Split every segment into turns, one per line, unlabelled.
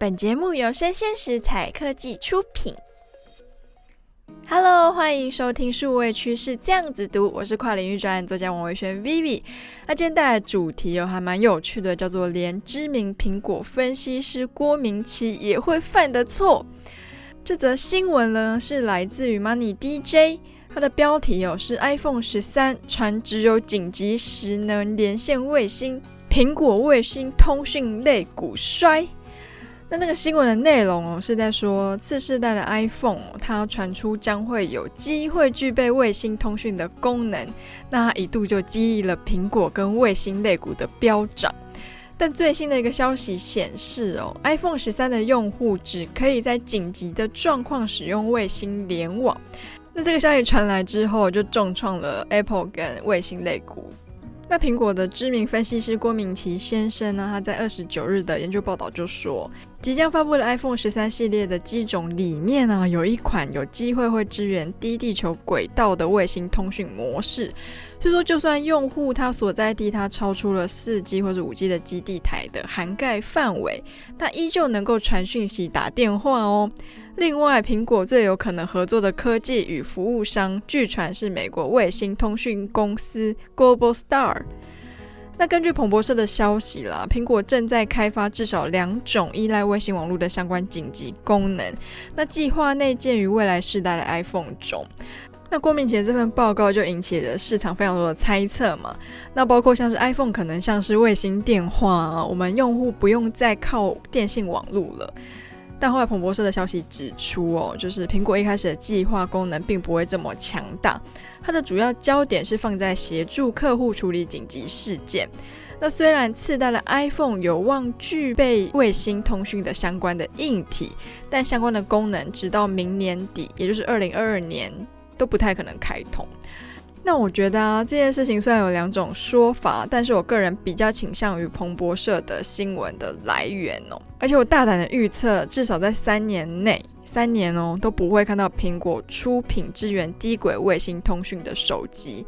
本節目由聲鮮時采科技出品。Hello，歡迎收聽數位趨勢這樣子讀，我是跨領域專欄作家王維軒 Vivi。那今天帶來主題哦，還蠻有趣的，叫做《連知名蘋果分析師郭明錤也會犯的錯》。這則新聞呢，是來自於 Money DJ，它的標題哦是 iPhone 十三傳只有緊急時能連線衛星，蘋果衛星通訊類股衰。那那個新聞的內容哦，是在說次世代的 iPhone，它傳出將會有機會具備衛星通訊的功能。那它一度就激勵了蘋果跟衛星類股的飆漲。但最新的一個消息顯示哦，iPhone 十三的用戶只可以在緊急的狀況使用衛星聯網。那這個消息傳來之後，就重創了 Apple 跟衛星類股。那蘋果的知名分析師郭明錤先生呢，他在二十九日的研究報道就說。即將發布的 iPhone 十三系列的機種裡面啊，有一款有機會會支援低地球軌道的衛星通訊模式。所以說，就算用戶他所在地他超出了 4G 或者 5G 的基地台的涵蓋範圍，他依舊能夠傳訊息、打電話哦。另外，蘋果最有可能合作的科技與服務商，據傳是美國衛星通訊公司 Globalstar。那根據彭博社的消息啦，蘋果正在開發至少兩種依賴衛星網絡的相關緊急功能，那計劃內建於未來世代的 iPhone 中。那郭明錤這份報告就引起了市場非常多的猜測嘛，那包括像是 iPhone 可能像是衛星電話啊，我們用戶不用再靠電信網絡了。但後來彭博社的消息指出，哦，就是蘋果一開始的計劃功能並不會這麼強大，它的主要焦點是放在協助客戶處理緊急事件。那雖然次代的 iPhone 有望具備衛星通訊的相關的硬體，但相關的功能直到明年底，也就是二零二二年，都不太可能開通。那我覺得啊，這件事情雖然有兩種說法，但是我個人比較傾向於彭博社的新聞的來源哦。而且我大膽的預測，至少在三年內，三年哦，都不會看到蘋果出品支援低軌衛星通訊的手機。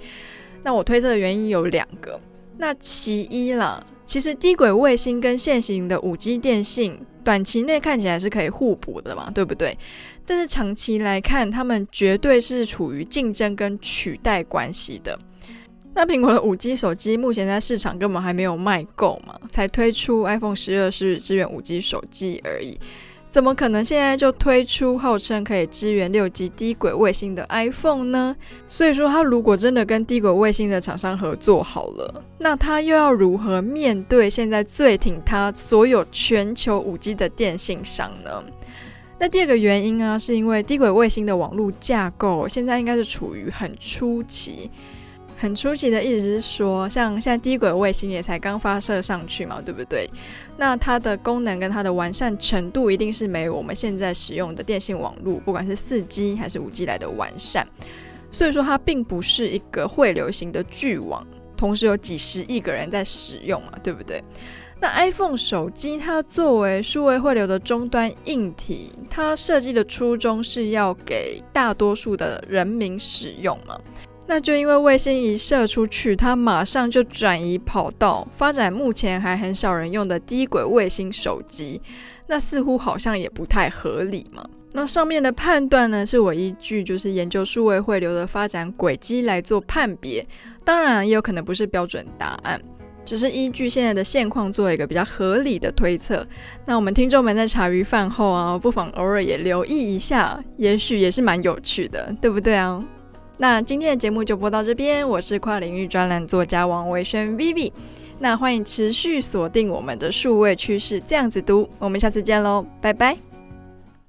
那我推測的原因有兩個，那其一啦，其實低軌衛星跟現行的 5G 電信。短期內看起來是可以互補的嘛，對不對？但是長期來看，他們絕對是處於競爭跟取代關係的。那蘋果的 5G 手機目前在市場根本還沒有賣夠嘛，才推出 iPhone 12是支援 5G 手機而已。怎麼可能現在就推出號稱可以支援六 G 低軌衛星的 iPhone 呢？所以說，它如果真的跟低軌衛星的廠商合作好了，那它又要如何面對現在最挺它所有全球五 G 的電信商呢？那第二個原因啊，是因為低軌衛星的網絡架構現在應該是處於很初期。很出奇的意思是說，像現在低軌衛星也才剛發射上去嘛，對不對？那它的功能跟它的完善程度，一定是沒有我們現在使用的電信網絡，不管是四 G 還是五 G 來的完善。所以說，它並不是一個匯流型的巨網，同時有幾十億個人在使用嘛，對不對？那 iPhone 手機，它作為數位匯流的終端硬體，它設計的初衷是要給大多數的人民使用嘛。那就因為衛星一射出去，它馬上就轉移跑道，發展目前還很少人用的低軌衛星手機，那似乎好像也不太合理嘛。那上面的判斷呢，是我依據就是研究數位匯流的發展軌跡來做判別，當然也有可能不是標準答案，只是依據現在的現況做一個比較合理的推測。那我們聽眾們在茶餘飯後啊，不妨偶爾也留意一下，也許也是蠻有趣的，對不對啊？那今天的節目就播到這邊，我是跨領域專欄作家王維軒 Vivi，那歡迎持續鎖定我們的數位趨勢這樣子讀，我們下次見嘍，拜拜。